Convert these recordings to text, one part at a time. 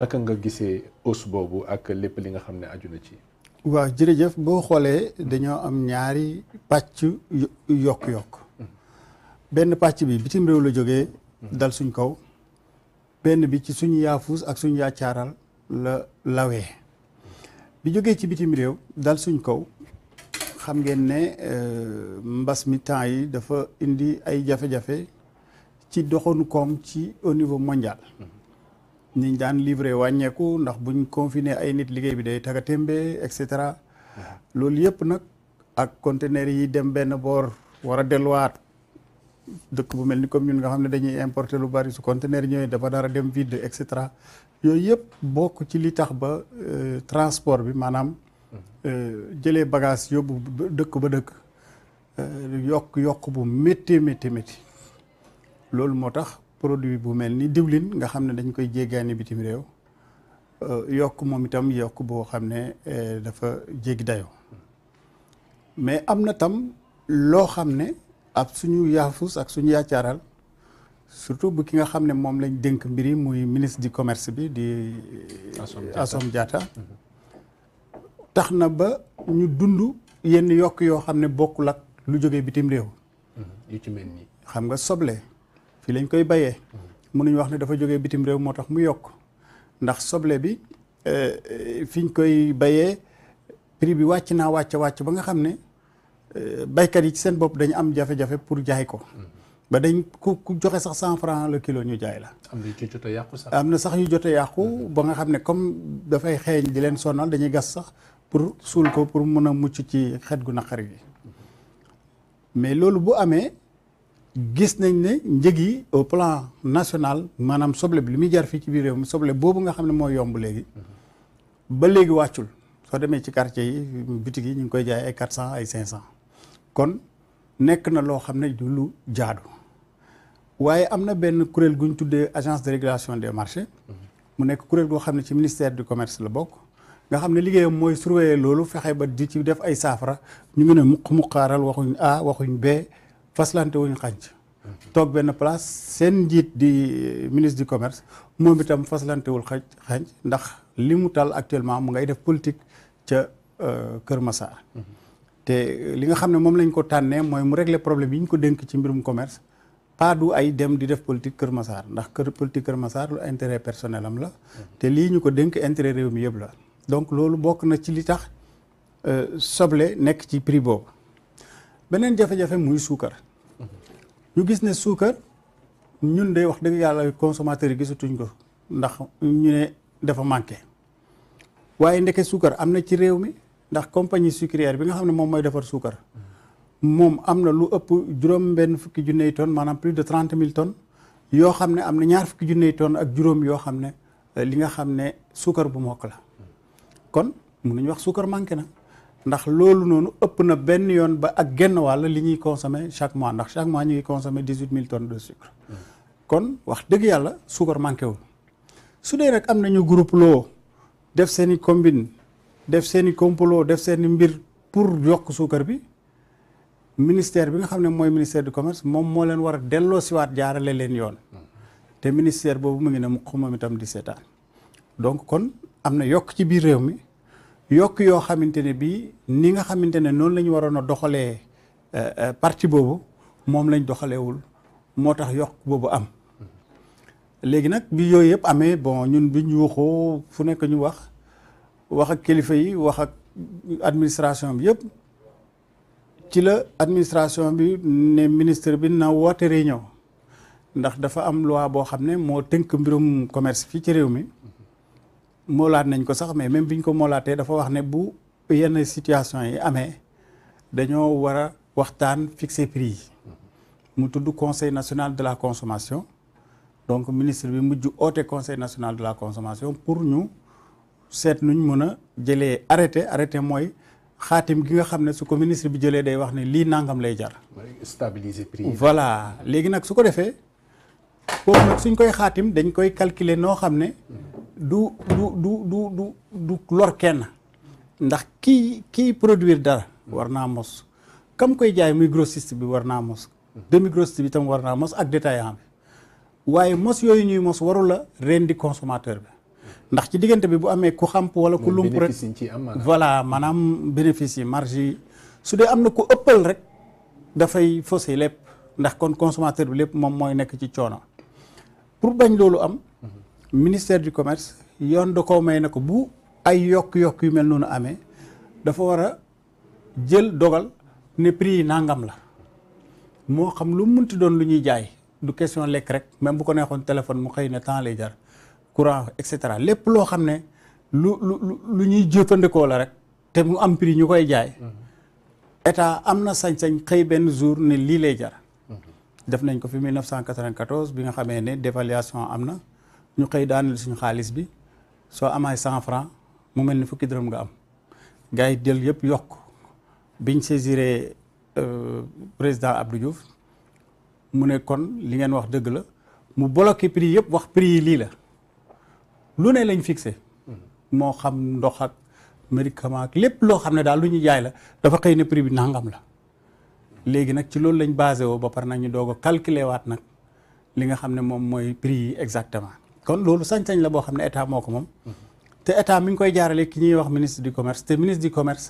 naka nga gisee os boobu ak lépp li nga xam ne aju na ci. waa jërëjëf boo xoolee dañoo am ñaari pàcc yokk-yokk hmm. benn pàcc bi bitim réew la jógee hmm. dal suñ kaw benn bi ci suñu yaafuus ak suñu yaacaaral la lawee hmm. bi jógee ci bitim réew dal suñ kaw xam ngeen ne euh, mbas mi temps yi dafa indi ay jafe-jafe ci doxanu kom ci au niveau mondial. niñ daan livré wàññeeku ndax buñ confiné ay nit liggéey bi day taga témbe et cetera loolu yëpp nag ak conteneur yi dem benn boor war a delluwaat dëkk bu mel ni comme ñun nga xam ne dañuy importer lu bari su conteneur ñëwee dafa dara dem vide et cetera yooyu yëpp bokk ci li tax ba euh, transport bi maanaam mm-hmm. euh, jëlee bagage yóbbu dëkk ba dëkk euh, yokk yokk bu métti métti métti loolu moo tax produit bu mel ni diwlin nga xam ne dañ koy jéggaani bitim réew euh, yokk moom itam yokk boo xam ne euh, dafa jéggi dayo mais am na tam loo xam ne ab suñu yaafus ak suñu yaacaaral surtout bu ki nga xam ne moom lañ dénk mbiri muy ministre di commerce bi di euh, Assome jaata mm-hmm. tax na ba ñu dund yenn yokk yoo xam ne bokkul ak lu jógee bitim réew mm-hmm. yu ci mel ni xam nga soble fii lañ koy bayee mënuñ wax ne dafa jógee bitim réew moo tax mu yokk ndax soble bi euh, euh, fiñ koy bayee prix bi wàcc naa wàcc wàcc ba nga xam ne euh, baykat yi ci seen bopp dañu am jafe-jafe pour jaay ko mm-hmm. ba dañ ku ku joxe sax cent franc le kilo ñu jaay la. am na yàqu sax. am na sax yu jot a yàqu mm-hmm. ba nga xam ne comme dafay xeeñ di leen sonal dañuy gas sax pour suul ko pour mën a mucc ci xet gu naqari gi mm-hmm. mais loolu bu amee. gis nañ ne njëg yi au plan national maanaam soble bi li muy jar fii ci biir réew mi soble boobu nga xam ne moo yomb léegi ba léegi wàccul soo demee ci quartier yi bitig yi ñu ngi koy jaay ay quatre cent ay cinq cents kon nekk na loo xam ne du lu jaadu waaye am na benn kuréel gu ñu tuddee agence de régulation des marchés mu nekk kuréel goo xam ne ci ministère du commerce la bokk nga xam ne liggéeyam mooy surveiller loolu fexe ba di ci def ay saafara ñu ngi ne muq muqaaral waxuñ A waxuñ B faslante wuñu xànc toog benn place seen njiit di euh, ministre du commerce moom itam faslantewul xaj xaj ndax li mu tal actuellement mu ngay def politique ca euh, Kër Massar. te li nga xam ne moom lañ ko tànnee mooy mu régler problème yi ñu ko dénk ci mbirum commerce pas du ay dem di def politique Kër masaar ndax kër politique Kër Massar lu intérêt personnel am la. te lii ñu ko dénk intérêt réew mi yëpp la. donc loolu bokk na ci li tax euh, soble nekk ci prix boobu beneen jafe muy suukar. ñu gis ne suukar ñun day wax dëgg yàlla consommateur yi gisatuñ ko ndax ñu ne dafa manqué waaye ndeke suukar am na ci réew mi ndax compagnie sucrière bi nga xam ne moom mooy defar suukar moom am na lu ëpp juróom benn fukki junney tonnes maanaam plus de trente mille tonnes yoo xam ne am na ñaar fukki junney tonnes ak juróom yoo xam ne li nga xam ne suukar bu mokk la kon nañu wax suukar manqué na ndax loolu noonu ëpp na benn yoon ba ak genn wàll li ñuy consommer chaque mois ndax chaque mois ñu ngi consommer dix huit mille tonnes sucre. kon wax dëgg yàlla suukar manqué wul su dee rek am nañu groupe loo def seen i combine def seen i complot def seen i mbir pour yokk suukar bi ministère bi nga xam ne mooy ministère du commerce moom moo leen war a delloo siwaat jaarale leen yoon te ministère boobu mu ngi ne mu xumam itam di seetaan donc kon am na yokk ci biir réew mi. yokk yoo xamante ne bii ni nga xamante ne noonu la ñu waroon a doxalee euh, euh, parti boobu moom lañ doxaleewul moo tax yokk boobu am léegi nag bi yooyu yëpp amee bon ñun bi ñu waxoo fu nekk ñu wax wax ak kilifa yi wax ak administration bi yëpp ci la administration bi ne ministre bi na woote réunion ndax dafa am loi boo xam ne moo tënk mbirum commerce fii ci réew mi moolaat nañ ko sax mais bi ñu ko moolaatee dafa wax ne bu yenn situation yi amee dañoo war a waxtaan fixer prix yi mu tudd conseil national de la consommation donc ministre bi mujj oote conseil national de la consommation pour ñu seet nuñ mën a jëlee arrêté arrêté mooy xaatim gi nga xam ne su ko ministre bi jëlee day wax ne lii nangam lay jar. stabiliser voilà léegi nag su ko defee foofu nag suñ koy xaatim dañ koy calculer noo xam ne. du du du du du du lor kenn ndax kii kii produire dara war naa mos kam koy jaay muy grossiste bi war naa mos demi grossiste bi tam war naa mos ak détaillant bi waaye mos yooyu ñuy mos warul la rendi consommateur bi ndax ci diggante bi bu amee ku xamp wala ku lump rek voilà maanaam bénéfice yi marge yi su dee am na ku ëppal rek dafay faussé lépp ndax kon consommateur bi lépp moom mooy nekk ci coono pour bañ loolu am ministère du commerce yoon da koo may na ko bu ay yokk-yokk yu mel noonu amee dafa war a jël dogal ne prix yi nangam la moo xam lu ti doon lu ñuy jaay du question lekk rek même bu ko neexoon téléphone mu xëy na temps lay jar courant et cetera lépp loo xam ne lu lu lu ñuy jëfandikoo la rek te mu am prix ñu koy jaay état am na sañ-sañ xëy benn jour ne lii lay jar mhm. def nañ ko fi 1994 bi nga xamee ne dévaluation am na ñu xëy daaneel suñu xaalis bi soo amaay cent franc mu mel ni fukki dërëm nga am gars yi jël yëpp yokk biñ saisiré euh, président Abdou Diouf mu ne kon li ngeen wax dëgg la mu bloqué prix yëpp wax prix yi lii la lu ne lañ fixe moo xam ndox ak médicament ak lépp loo xam ne daal lu ñu jaay la dafa xëy ne prix bi nangam la léegi nag ci loolu lañ basé woo ba pare nag ñu doog a waat nag li nga xam ne moom mooy prix yi exactement kon loolu sañ-sañ la boo xam ne état moo ko moom te état mi ngi koy jaarale ki ñuy wax ministre du commerce te ministre du commerce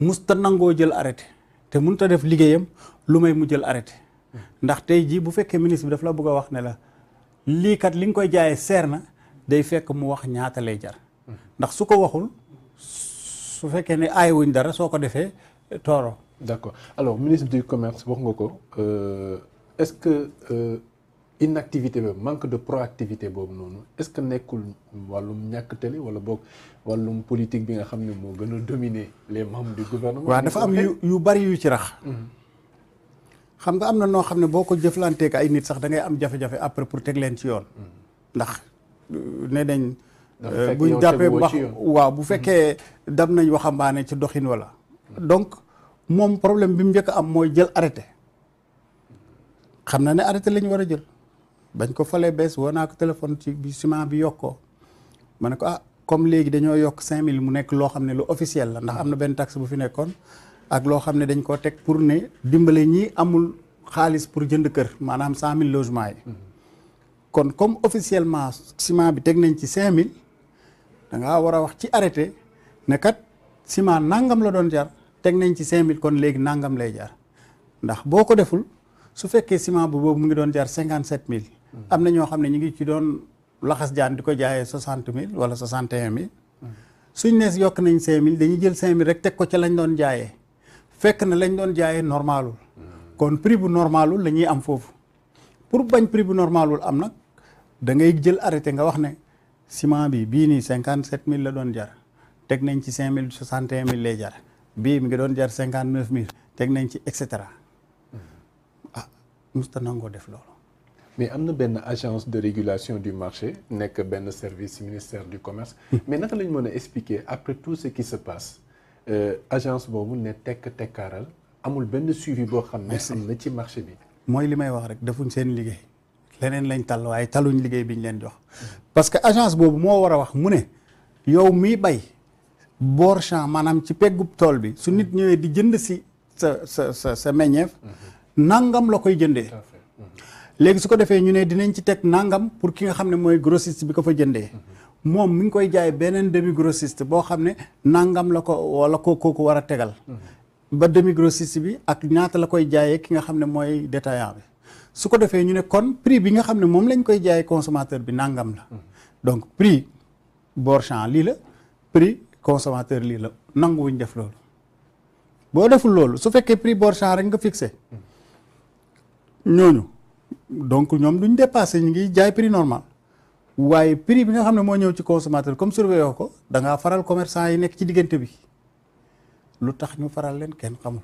musta nangoo jël arrêté te mënut a def liggéeyam lu may mu jël arrêté ndax tey jii bu fekkee ministre bi daf la bëgg a wax ne la lii kat li nga koy jaayee seer na day fekk mu wax ñaata lay jar ndax su ko waxul su fekkee ne aay dara soo ko defee tooro d'accord alors ministre du commerce wax nga ko euh, est-ce que euh, inactivité boobu manque de proactivité boobu noonu est-ce que nekkul wàllum ñàkk télé wala boog wàllum politique bi nga xam ne moo gën a dominer les membres du gouvernement. waaw dafa am yu yu bari yu ci rax. Mm-hmm. xam nga am na noo xam ne boo ko jëflanteek ay nit sax dangay am jafe-jafe après pour teg leen ci yoon. Mm-hmm. ndax euh, ne nañ. Euh, buñ jàppee wax waaw bu fekkee mm-hmm. dam nañ waxambaane ci doxin wala. donc moom problème bi mu njëkk am mooy jël arrêté. xam na ne arrêté lañ war a jël. bañ ko falee bees woo naa ko téléphone ci bi ciment bi yokkoo ma ne ko ah comme léegi dañoo yokk 5000 mu nekk loo xam ne lu officiel la ndax am na benn tax bu fi nekkoon ak loo xam ne dañ koo teg pour ne dimbale ñi amul xaalis pour jënd kër maanaam 100000 logements yi. kon comme officiellement ciment bi teg nañ ci 5000 da ngaa war a wax ci arrêté ne kat ciment nangam la doon jar teg nañ ci 5000 kon léegi nangam lay jar ndax boo ko deful su fekkee ciment bu boobu mu ngi doon jar 57000. am na ñoo xam ne ñu ngi ci doon laxas jaan di ko jaayee soixante mille wala soixante et un mille suñ ne yokk nañ cinq mille dañuy jël cinq mille rek teg ko ca lañ doon jaayee fekk na lañ doon jaayee normalul kon prix bu normalul la ñuy am foofu pour bañ prix bu normalul am nag da ngay jël arreté nga wax ne ciment bi bii nii cinquante sept mille la doon jar teg nañ ci cinq mille soixante et un mille lay jar bii mi ngi doon jar cinquante neuf mille teg nañ ci et cetera ah musta def loolu mais am na benn agence de régulation du marché nekk benn service ministère du commerce hmm. mais naka lañ mën a expliquer après tout ce qui se passe euh, agence boobu ne tekk tekkaaral amul benn suivi boo xam ne am na ci marché bi mooy li may wax rek defuñ seen liggéey leneen lañ tal waaye taluñ liggéey bi ñu leen jox parce que agence boobu moo war a wax mu ne yow miy bay boor champ maanaam ci peggub tool bi su nit ñëwee di jënd si sa sa sa sa hmm. nangam la koy jëndee léegi su ko defee ñu ne dinañ ci teg nangam pour ki nga xam ne mooy grossiste bi ko fa jëndee moom mi ngi koy jaay beneen demi grossiste boo xam ne nangam la ko wala ko kooku war a tegal ba demi grossiste bi ak ñaata la koy jaayee ki nga xam ne mooy détaillant bi su ko defee ñu ne kon prix bi nga xam ne moom lañ koy jaayee consommateur bi nangam la donc prix bord champ lii la prix consommateur lii la nanguwuñ def loolu boo deful loolu su fekkee prix bor champ rek nga fixé ñooñu donc ñoom duñ dépassé ñu ngi jaay prix normal waaye prix bi nga xam ne moo ñëw ci consommateur comme surveillé ko dangaa faral commerçant yi nekk ci diggante bi lu tax ñu faral leen kenn xamul.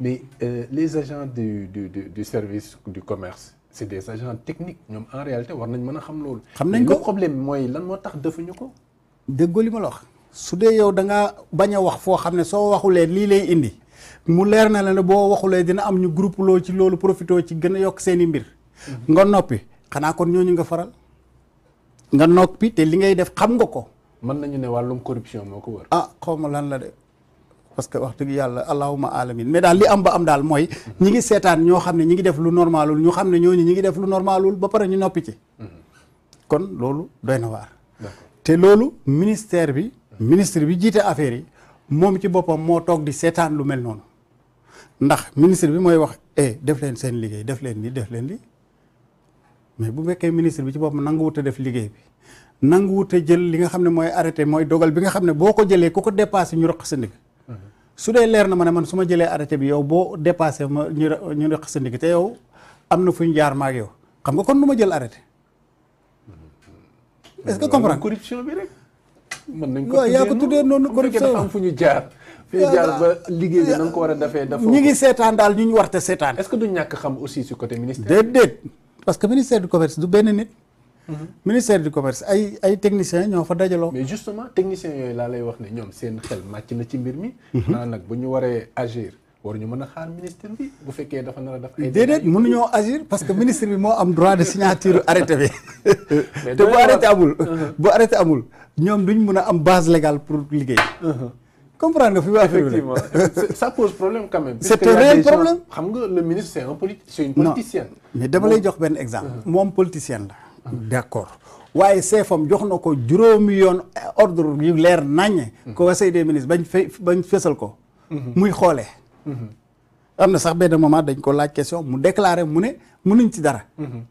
mais euh, les agents du du du service du commerce c'est des agents ñoom en réalité nañ mën a xam xam nañ ko problème mooy lan moo tax defuñu ko. déggoo li ma la wax su dee yow da ngaa bañ a wax foo xam ne soo waxulee lii lay indi mu leer na la ne boo waxulee dina am ñu groupe loo ci loolu profité ci gën a yokk seen i mbir. Mm-hmm. nga noppi xanaa kon ñooñu nga faral nga noppi te li ngay def xam nga ko. mën nañu ne wàllum corruption moo ko ah xaw ma lan la de parce que wax dëgg yàlla allahuma alamin mais daal li am ba am daal mooy. Mm-hmm. ñi ngi seetaan ñoo xam ne ñi ngi def lu normalul ñu xam ne ñooñu ñi ngi def lu normalul ba pare ñu noppi ci. Mm-hmm. kon loolu doy na waar. te loolu ministère bi. ministre bi jiite affaire yi moom ci boppam moo toog di seetaan lu mel noonu ndax ministre bi mooy wax eh, def leen seen liggéey def leen li def leen li mais bu fekkee ministre bi ci boppam nanguwut a def liggéey bi nanguwut a jël li nga xam ne mooy arrêté mooy dogal bi nga xam ne boo ko jëlee ku ko dépassé ñu rëq sa ndig su dee leer na ma ne man su ma jëlee arrêté bi yow boo dépassé ma ñu ñu te yow am na fu ñu jaar maag yow xam nga kon nu ma jël arrêté est-ce que comprendre corruption bi rek mën nañ ko waaw yaa ko noonu corruption dafa ñu jaar ko war a defee ngi seetaan daal ñu ñu warte seetaan est-ce que du ñàkk xam aussi si côté ministère déedéet parce que ministère du commerce du benn nit. Mhm. ministère du commerce ay ay techniciens ñoo fa dajaloo. mais justement techniciens yooyu laa lay wax ne ñoom seen xel màcc na ci mbir mi. Mhm. naa nag bu ñu waree agir. war ñu mën a xaar ministre bi bu fekkee dafa nar a def ay déedéet mënuñoo agir parce que ministre bi moo am droit de signature arrêté bi te bu arrêté amul mhm. bu arrêté amul ñoom ñu mun a am base légale pour liggéey comprendre nga fi mu effectivement ça pose problème quand même. c'est un réel problème xam nga le ministre c'est un politi c'est une politicienne. non mais dama lay jox benn exemple. Ah. moom politicienne la. d'accord waaye CFM jox na ko juróomi yoon ordre yu leer naññe. ko conseil des ministres bañ fe bañ fésal ko. Mhm. muy xoolee. Mhm. am na sax benn moment dañ ko laaj question mu déclaré mu ne mënuñ ci dara. Mhm.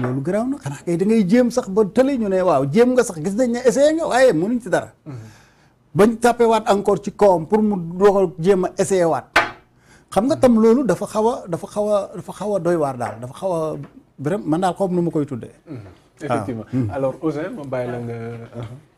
loolu garaaw na xanaa kay da ngay jéem sax ba tële ñu ne waaw jéem nga sax gis nañ ne essayé nga waaye mënuñ ci dara. bañ tàppe waat encore ci kawam pour mu doog a jéem a essayé waat xam nga tam loolu dafa xaw a dafa xaw a dafa xaw a doy waar daal dafa xaw a vraiment man daal xaw nu ma koy tuddee. Mmh. effectivement ah. mmh. alors Ouzin ma bàyyi la nga. Ah.